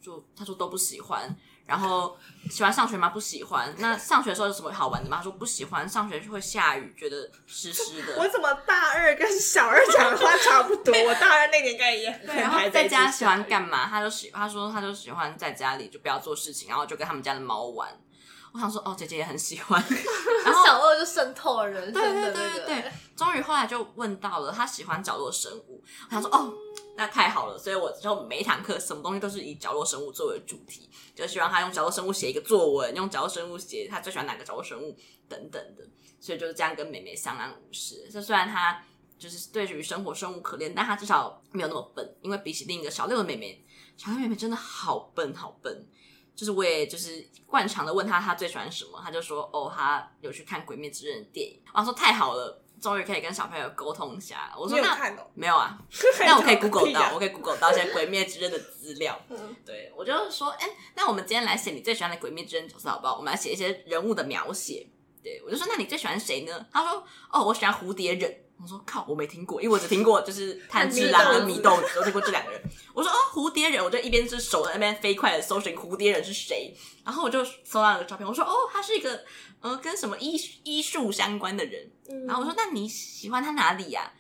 就她說都不喜歡。然後喜歡上學嗎？不喜歡。那上學的時候有什麼好玩的嗎？他說不喜歡上學就會下雨，覺得濕濕的。 我怎麼大二跟小二講的話差不多？ 我大二那年應該也很對。然後在家喜歡幹嘛？他就喜他說他就喜歡在家裡就不要做事情，然後就跟他們家的貓玩。我想說哦，姐姐也很喜歡。 然後 小二就滲透了人生、那個，對對對對，終於後來就問到了他喜歡角落生物。我想說哦。嗯那太好了，所以我之後每一堂課什麼東西都是以角落生物作為主題，就希望他用角落生物寫一個作文，用角落生物寫他最喜歡哪個角落生物等等的，所以就是這樣跟妹妹相安無事。就雖然他就是對於生活生無可戀，但他至少沒有那麼笨，因為比起另一個小六的妹妹，小六妹妹真的好笨好笨。就是我也就是慣常的問他他最喜歡什麼，他就說哦，他有去看《鬼滅之刃》的電影，然後說太好了。終於可以跟小朋友溝通一下。我說，那沒有、哦、沒有啊， 那我可以 Google 到，我可以 Google 到一些《鬼滅之刃》的資料。 對我就說，哎、欸，那我們今天來寫你最喜歡的《鬼滅之刃》角色好不好？我們來寫一些人物的描寫。對我就說，那你最喜歡誰呢？他說，哦，我喜歡蝴蝶忍。我說靠，我沒聽過，因為我只聽過就是炭治郎跟米豆，我聽過這兩個人。 我說哦，蝴蝶人，我就一邊是手，在那邊飛快的搜尋蝴蝶人是誰？然後我就搜到一個照片，我說哦，他是一個呃跟什麼醫醫術相關的人。嗯、然後我說那你喜歡他哪裡呀、啊？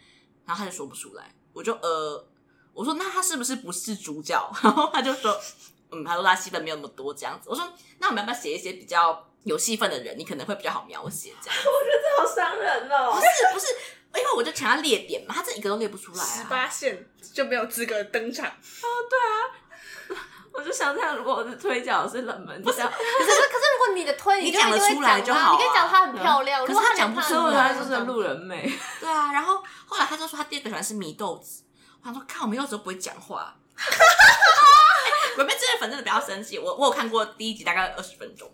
然後他就說不出來。我就呃我說那他是不是不是主角？然後他就說嗯，他說他戲份沒有那麼多這樣子。我說那我們要不要寫一些比較有戲份的人？你可能會比較好描寫。這樣 我覺得這好傷人哦。不、哦、是不是。因為我就搶他列點嘛，他這一個都列不出來、啊。十八線就沒有資格登場。哦、oh, 對啊， 我就想這樣，如果我的推角是冷門，你知道不是？可是 可是，可是如果你的推你講得出來就好、啊，你可以講她很漂亮，嗯、他可是講不出來、啊、他就是路人妹。 對啊，然後後來他就說他第二個喜歡是米豆子，我想說，看我們有時候不會講話。 鬼滅之刃粉真的比較生氣，我我有看過第一集大概二十分鐘，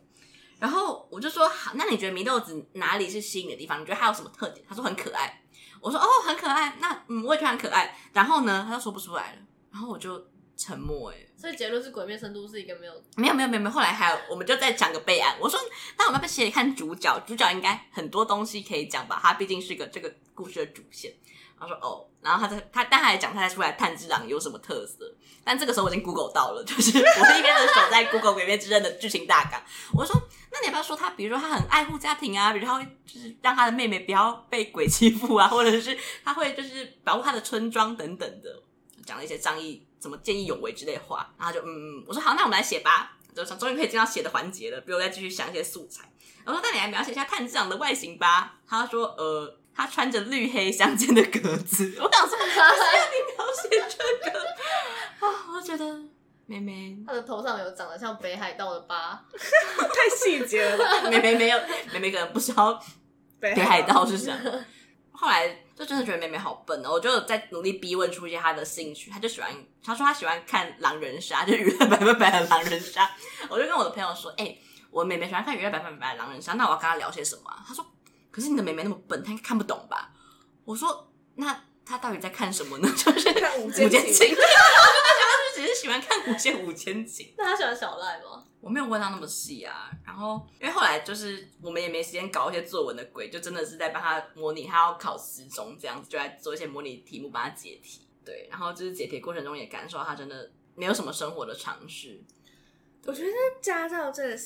然後我就說好，那你覺得米豆子哪裡是吸引的地方？你覺得她有什麼特點？她說很可愛。我說哦，很可愛。那嗯，我也覺得很可愛。然後呢，他又說不出來了。然後我就沉默。哎，所以結論是鬼滅深度是一個沒有沒有沒有沒有。後來還有，我們就再講個備案。我說，那我們要不先看主角？主角應該很多東西可以講吧？他畢竟是一個這個故事的主線。他說哦，然後他在他，但他還講他在出來炭治郎有什麼特色。但這個時候我已經 Google 到了，就是我一邊的手在 Google 鬼滅之刃的劇情大綱。我就說，那你要不要說他，比如說他很愛護家庭啊，比如他會就是讓他的妹妹不要被鬼欺負啊，或者是他會就是保護他的村莊等等的，講了一些仗義、什麼見義勇為之類的話。然後他就嗯，我說好，那我們來寫吧，就終於可以進到寫的環節了。不如我再繼續想一些素材。然後我說，那你來描寫一下炭治郎的外形吧。他說，呃。他穿着綠黑相間的格子，我搞這麼？你描寫這個 啊？我覺得妹妹她的頭上有長得像北海道的疤， 太細節了。妹妹沒有，妹妹可能不知道北海道是什麼。 後來就真的覺得妹妹好笨哦，我就在努力逼問出一些她的興趣。她就喜歡，她說她喜歡看《狼人殺》，就是《娛樂百分百》的《狼人殺》。 我就跟我的朋友說：“哎、欸，我妹妹喜歡看《娛樂百分百》的《狼人殺》，那我要跟她聊些什麼、啊？”她說。可是你的妹妹那麼笨，她應該看不懂吧？我說，那他到底在看什麼呢？就是《古劍五千是隻 是喜歡看《古劍》《五千》。那他喜歡小賴嗎？我沒有問他那麼細啊。然後，因為後來就是我們也沒時間搞一些作文的鬼，就真的是在幫他模擬，他要考十中這樣子，就在做一些模擬題目幫他解題。對，然後就是解題過程中也感受到他真的沒有什麼生活的常識。我覺得家教真的，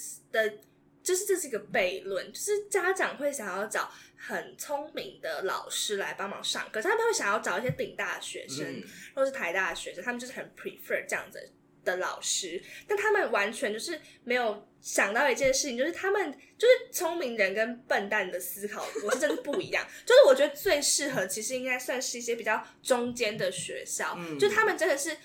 的。就是這是一個悖論，就是家長會想要找很聰明的老師來幫忙上課，他們會想要找一些頂大的學生，或是台大的學生，他們就是很 prefer 這樣子的老師，但他們完全就是沒有想到一件事情，就是他們就是聰明人跟笨蛋的思考模式 真的不一樣，就是我覺得最適合其實應該算是一些比較中間的學校， 就他們真的是。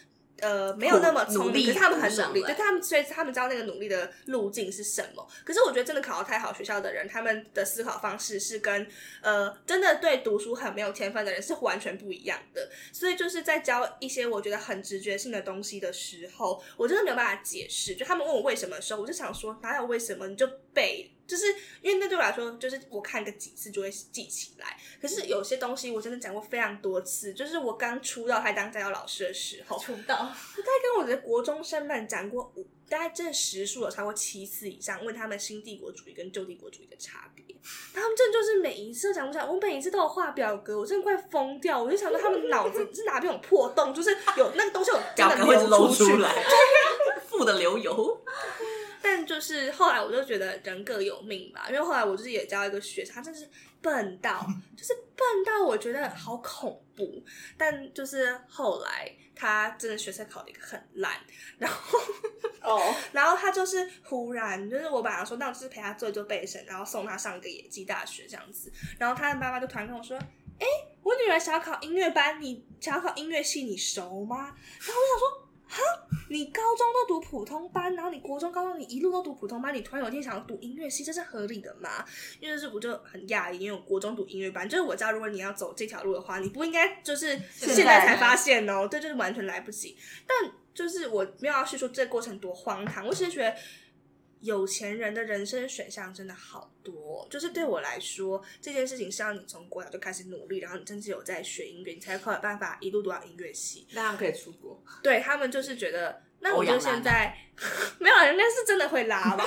呃，沒有那麼聰明，努力，可是他們很努力，對他們，所以他們知道那個努力的路徑是什麼。可是我覺得，真的考到太好學校的人，他們的思考方式是跟呃，真的對讀書很沒有天分的人是完全不一樣的。所以就是在教一些我覺得很直覺性的東西的時候，我真的沒有辦法解釋。就他們問我為什麼的時候，我就想說哪有為什麼？你就。背，就是因為那對我來說，就是我看個幾次就會記起來。可是有些東西我真的講過非常多次，就是我剛出道還當家教老師的時候，出道，我 大概跟我的國中生們講過五。大概真的時數有超過七次以上問他們新帝國主義跟舊帝國主義的差別，他們真的就是每一次都講不講，我每一次都有畫表格，我真的快瘋掉。我就想到他們腦子是哪邊有破洞， 就是有那個東西有的表格會漏出來，對 富的流油。 但就是後來我就覺得人各有命吧，因為後來我就是也教一個學生，他真的是。笨到，就是笨到，我覺得好恐怖。但就是後來，他真的學測考的一個很爛，然後哦，oh. 然後他就是忽然，就是我本來說，那我就是陪他做一做備審，然後送他上個野雞大學這樣子。然後他的爸爸就突然跟我說：“哎，我女兒想要考音樂班，你想要考音樂系，你熟嗎？”然後我想說：“哈。”你高中都讀普通班，然後你國中、高中你一路都讀普通班，你突然有一天想要讀音樂系，這是合理的嗎？因為這我就很訝異，因為我國中讀音樂班，就是我知道，如果你要走這條路的話，你不應該就是現在才發現哦，對的，就，就是完全來不及。的但就是我沒有要去說這個過程多荒唐，我只是覺得。有錢人的人生選項真的好多哦，就是對我來說，這件事情是要你從國小就開始努力，然後你真的有在學音樂，你才有辦法一路讀到音樂系，那樣可以出國。對他們就是覺得，那我就現在沒有，人家是真的會拉吧。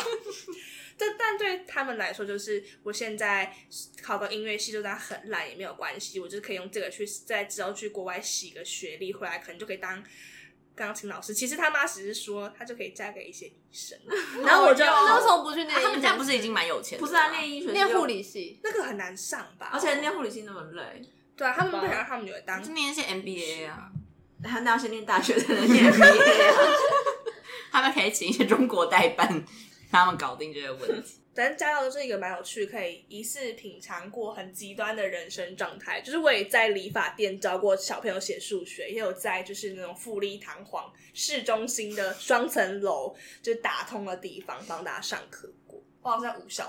但 但對他們來說，就是我現在考個音樂系，就算很爛也沒有關係，我就可以用這個去在之後去國外洗個學歷回來，可能就可以當。鋼琴老師，其實他媽只是說他就可以嫁給一些醫生， 然後我就那時候不去念，啊、他們家不是已經蠻有錢？不是啊，念醫學，念護理系那個很難上吧，而且念護理系那麼累，對啊，對吧他們不想讓他們女兒當，就念些 MBA 啊，那吧要先念大學念 MBA 他們可以請一些中國代辦，讓他們搞定這些問題。 反正家教是一個蠻有趣，可以一次品嚐過很極端的人生狀態。就是我也在理髮店教過小朋友寫數學，也有在就是那種富麗堂皇市中心的雙層樓就是、打通的地方幫大家上課過。哇，好像吳曉樂，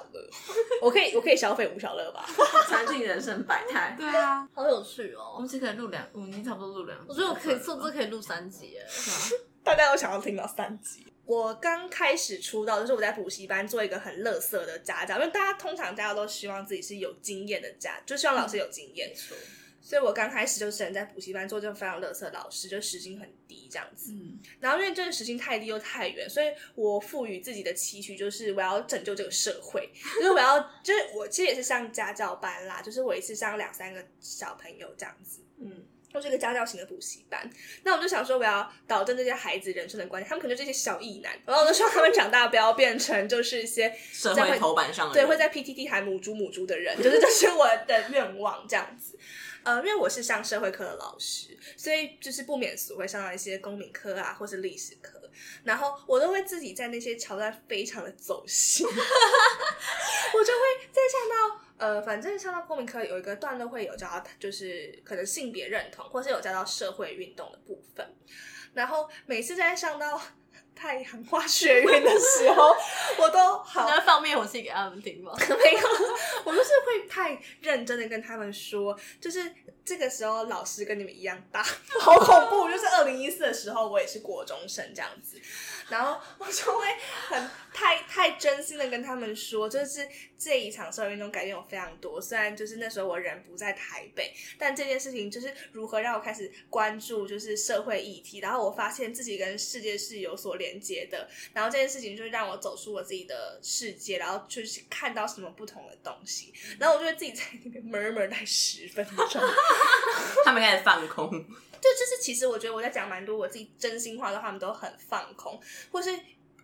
我可以我可以消費吳曉樂吧，嚐盡 人生百態。對啊，好有趣哦。我們其實可以錄兩，我們已經差不多錄兩集。我覺得我可以甚至可,可以錄三集， 大家都想要聽到三集。我剛開始出道，就是我在補習班做一個很垃圾的家教，因為大家通常家教都希望自己是有經驗的家，就希望老師有經驗，嗯、所以我剛開始就只能在補習班做這種非常垃圾的老師，就時薪很低這樣子。嗯，然後因為這個時薪太低又太遠，所以我賦予自己的期許就是我要拯救這個社會，因為，就是我要就是我其實也是上家教班啦，就是我一次上兩三個小朋友這樣子，嗯。就是一個家教型的補習班，那我就想說，我要導正這些孩子人生的關係，他們可能這些小異男，然後我就希望他們長大不要變成就是一些會社會頭版上的對會在 PTT 喊母豬母豬的人，就是這是我的願望這樣子。 呃，因為我是上社會課的老師，所以就是不免俗會上到一些公民科啊，或是歷史課，然後我都會自己在那些橋段非常的走心， 我就會再上到。呃，反正上到公民課有一個段落會有教，就是可能性別認同，或是有教到社會運動的部分。然後每次在上到太陽花學院的時候， 我都好。你會放面我自己給他們聽嗎？ 沒有，我就是會太認真的跟他們說，就是這個時候老師跟你們一樣大，好恐怖！就是二零一四的時候，我也是國中生這樣子。然後我就會很太太真心的跟他們說，就是這一場社會運動改變我非常多。雖然就是那時候我人不在台北，但這件事情就是如何讓我開始關注就是社會議題。然後我發現自己跟世界是有所連接的。然後這件事情就是讓我走出我自己的世界，然後就是看到什麼不同的東西。然後我就會自己在那邊悶悶待十分鐘， 他們開始放空。就就是，其實我覺得我在講蠻多我自己真心話的話，他們都很放空。或是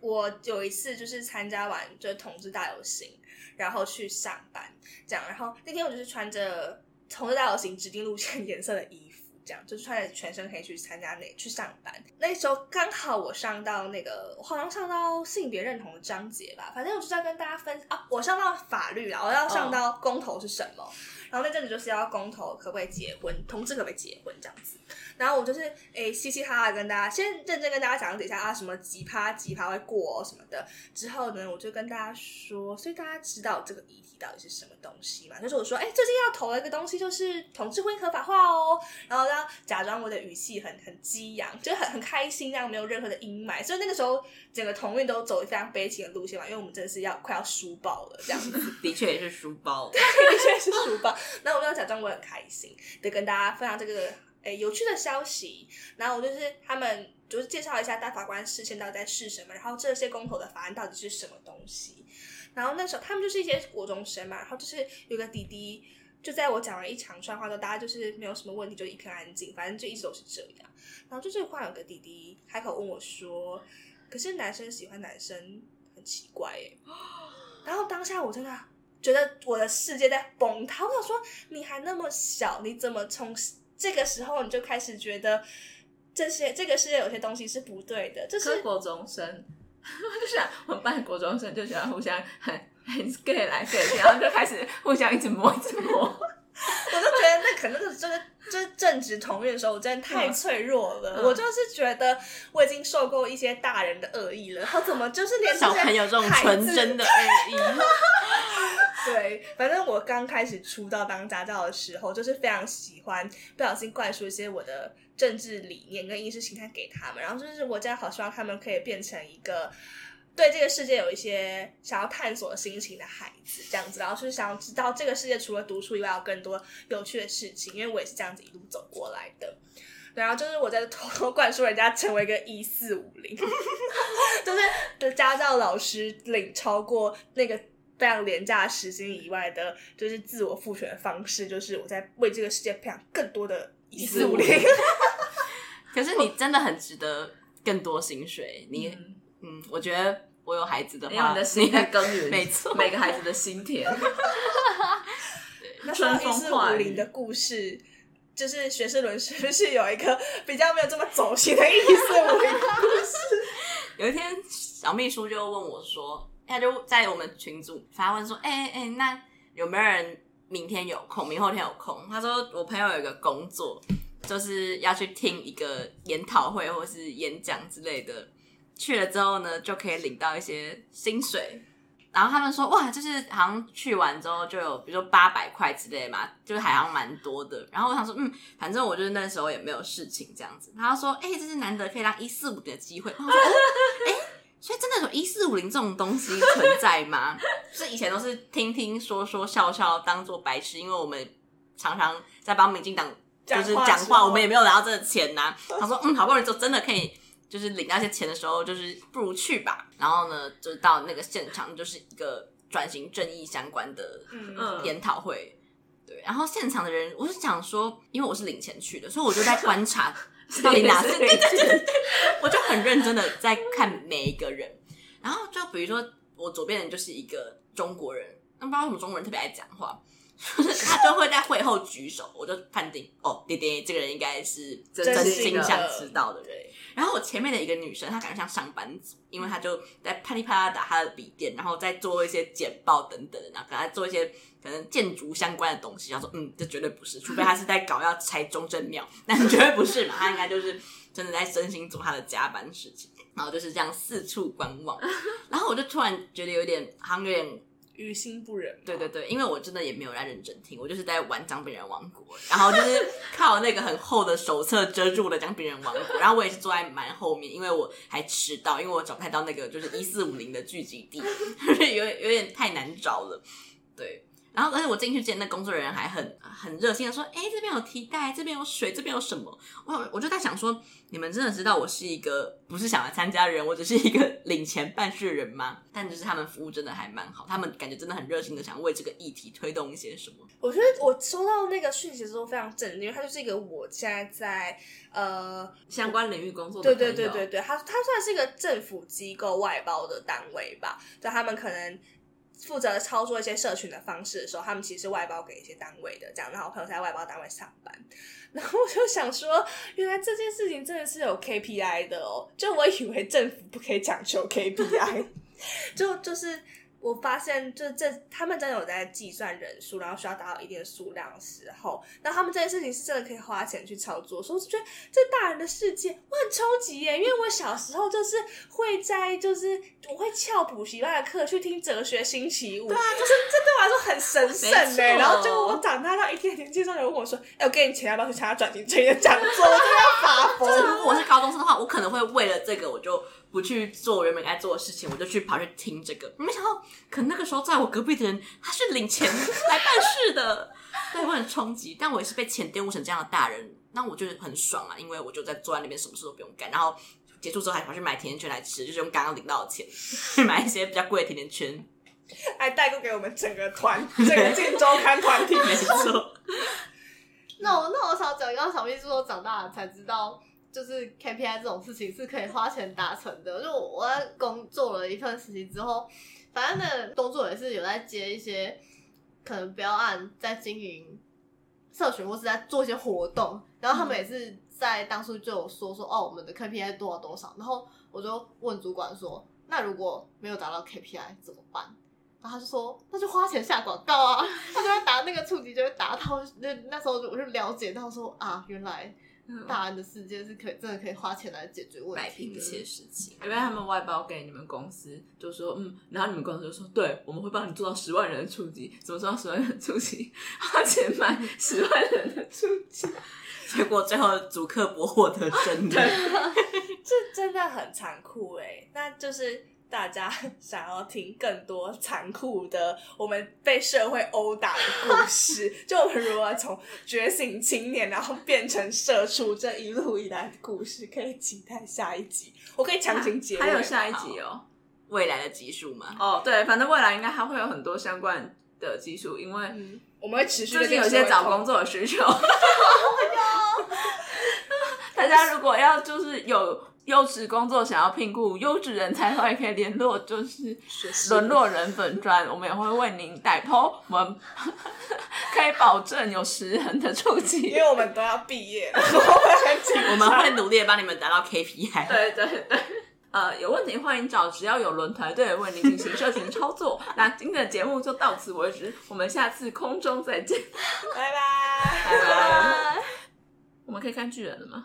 我有一次就是參加完就是同志大遊行，然後去上班，這樣。然後那天我就是穿着同志大遊行指定路線顏色的衣服，這樣，就是穿着全身黑去參加那去上班。那時候剛好我上到那個，好像上到性別認同的章節吧，反正我就是要跟大家分啊，我上到法律啦，我要上到公投是什麼。Oh. 然後那陣子就是要公投，可不可以結婚？同志可不可以結婚？這樣子。然後我就是誒，嘻嘻哈哈跟大家，先認真跟大家講解一下啊，什麼幾趴幾趴會過哦，什麼的。之後呢，我就跟大家說，所以大家知道這個議題到底是什麼東西嘛？就是我說，誒最近要投了一個東西，就是同志婚姻合法化哦。然後假裝我的語氣很很激昂，就很很開心，這樣沒有任何的陰霾。所以那個時候。整個同運都走一非常悲情的路線嘛，因為我們真的是要快要輸爆了這樣子。 的確也是輸爆， 的確也是輸爆。那 我就要假裝我很開心的跟大家分享這個誒、欸、有趣的消息。然後我就是他們就是介紹一下大法官釋憲到底在試什麼，然後這些公投的法案到底是什麼東西。然後那時候他們就是一些國中生嘛，然後就是有個弟弟，就在我講完一長串話後，大家就是沒有什麼問題，就一片安靜，反正就一直都是這樣。然後就是突然有個弟弟開口問我說。可是男生喜歡男生很奇怪耶，然後當下我真的覺得我的世界在崩塌。我想說，你還那麼小，你怎麼從這個時候你就開始覺得這些這個世界有些東西是不對的？這、就是國中生，我就想我們班國中生就喜歡互相很很 gay 來 gay 去，然後就開始互相一直摸一直摸， 我就覺得那可能、就是真的。就正值童年的時候，我真的太脆弱了。嗯、我就是覺得我已經受夠一些大人的惡意了，啊、他怎麼就是連小朋友這種純真的惡意？ 對，反正我剛開始出道當家教的時候，就是非常喜歡不小心灌輸一些我的政治理念跟意識形態給他們，然後就是我真的好希望他們可以變成一個。對這個世界有一些想要探索的心情的孩子，這樣子，然後是想要知道這個世界除了讀書以外，有更多有趣的事情。因為我也是這樣子一路走過來的，然後就是我在偷偷灌輸人家成為一個一四五零，就是的家教老師領超過那個非常廉價的時薪以外的，就是自我賦權的方式，就是我在為這個世界培養更多的一四五零。 可是你真的很值得更多薪水，我你嗯，嗯我覺得。我有孩子的話，話的新耕耘，每錯，沒錯， 每個孩子的心田。 對，哈哈！哈哈。那春風化雨的故事，就是學士輪是不是有一個比較沒有這麼走心的意思。我故事，有一天小秘書就問我說，他就在我們群組發問說：“哎哎哎，那有沒有人明天有空？明後天有空？”他說：“我朋友有一個工作，就是要去聽一個研討會或是演講之類的。”去了之後呢，就可以領到一些薪水，然後他們說哇，就是好像去完之後就有，比如說八百塊之類嘛，就是好像蠻多的。然後我想說，嗯，反正我就是那時候也沒有事情這樣子。然後他說，哎、欸，這是難得可以讓一四五零的機會。他說，哎、欸，所以真的有一四五零這種東西存在嗎？ 是以前都是聽聽說說笑笑當做白痴，因為我們常常在幫民進黨就是講話，我們也沒有拿到這個錢吶、啊。他說，嗯，好不容易就真的可以。就是領那些錢的時候，就是不如去吧。然後呢，就到那個現場，就是一個轉型正義相關的研討會。對，然後現場的人，我是想說，因為我是領錢去的，所以我就在觀察到底哪些人， 我就很認真的在看每一個人。然後就比如說，我左邊人就是一個中國人，那不知道為什麼中國人特別愛講話。 就是他就會在會後舉手，我就判定 哦，爹爹這個人應該是真，真，性 真心想知道的人。對然後我前面的一個女生，對她感覺像上班族，因為她就在啪里啪啦打她的筆電，然後再做一些簡報等等，然後跟她做一些可能建築相關的東西。她說：“嗯，這絕對不是，除非她是在搞要拆中正廟，那絕對不是嘛。她 應該就是真的在真心做她的加班事情，然後就是這樣四處觀望。然後我就突然覺得有點， 好像有點。”於心不忍。對對對，因為我真的也沒有在認真聽，我就是在玩《薑餅人王國》，然後就是靠那個很厚的手冊遮住了《薑餅人王國》，然後我也是坐在蠻後面，因為我還遲到，因為我找不太到那個就是一四五零的聚集地，有點有點太難找了，對。然後，而且我進去見那工作人員還很很熱心的說：“哎，這邊有提袋，這邊有水，這邊有什麼？”我我就在想說，你們真的知道我是一個不是想來參加的人，我只是一個領錢辦事人嗎？但就是他們服務真的還蠻好，他們感覺真的很熱心的想為這個議題推動一些什麼。我覺得我收到那個訊息之後非常震驚，因為他就是一個我現在在呃相關領域工作的對對對對對，他他算是一個政府機構外包的單位吧，就他們可能。負責操作一些社群的方式的時候，他們其實是外包給一些單位的，這樣。然後我朋友在外包單位上班，然後我就想說，原來這件事情真的是有 KPI 的哦，喔，就我以為政府不可以講求 KPI，就就是。我發現，就這他們真的有在計算人數，然後需要達到一定的數量的時候，那他們這件事情是真的可以花錢去操作。所以我是覺得這大人的世界，我很憧憬耶！因為我小時候就是會在，就是我會翹補習班的課去聽哲學星期五，對啊，就是這對我來說很神聖哎。錯然後結果我長大到一天天計算，有人跟我說：“哎、 欸，我給你錢，要不要去參加轉型正義的講座？”我都 要發瘋。 就是如果我是高中生的話，我可能會為了這個，我就。不去做人民該做的事情，我就去跑去聽這個。沒想到，可能那個時候在我隔壁的人，他是領錢來辦事的， 對，我很衝擊。但我也是被錢玷污成這樣的大人，那我就是很爽啊，因為我就在坐在那邊，什麼事都不用幹。然後結束之後，還跑去買甜甜圈來吃，就是用剛剛領到的錢去買一些比較貴的甜甜圈，還帶過給我們整個團， 整個鏡週刊團體沒錯。 沒錯錯。那我那我想講，剛剛小秘書都長大了才知道。就是 KPI 這種事情是可以花錢達成的。就我在工作了一段時期之後，反正那工作也是有在接一些可能標案，在經營社群或是在做一些活動。然後他們也是在當初就有說說、嗯、哦，我們的 KPI 多少多少。然後我就問主管說，那如果沒有達到 KPI 怎麼辦？然後他就說，那就花錢下廣告啊， 他就會達，那個觸及就會達到。那那時候我就了解到說啊，原來。大人的世界是可以真的可以花錢來解決問題的，擺平一些事情。因為他們外包給你們公司，就說嗯，然後你們公司就說對，我們會幫你做到十萬人的觸及。怎麼做到十萬人觸及？花錢買十萬人的觸及。 結果最後主客博獲得真的、 啊啊，這真的很殘酷哎、欸。那就是。大家想要聽更多殘酷的我們被社會毆打的故事， 就我們如何從覺醒青年，然後變成社畜這一路以來的故事，可以期待下一集。我可以強行結尾，還有下一集哦，未來的集數嘛？好哦，對，反正未來應該還會有很多相關的集數因為、嗯、我們會持續，最近有些找工作的需求。 大家如果要，就是有。優質工作想要聘雇優質人才，可以聯絡，就是淪落人粉專，是我們也會為您代 PO，我們可以保證有十人的觸及，因為我們都要畢業了， 我們會努力幫你們達到 KPI。 對對對，呃，有問題歡迎找，只要有輪團隊為您進行社群操作。 那今天的節目就到此為止，我們下次空中再見，拜拜。我們可以看巨人了嗎？